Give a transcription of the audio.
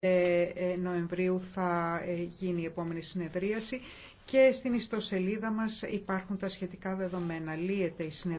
Ε, ε, Νοεμβρίου θα ε, γίνει η επόμενη συνεδρίαση και στην ιστοσελίδα μας υπάρχουν τα σχετικά δεδομένα. Λύεται η συνεδρίαση.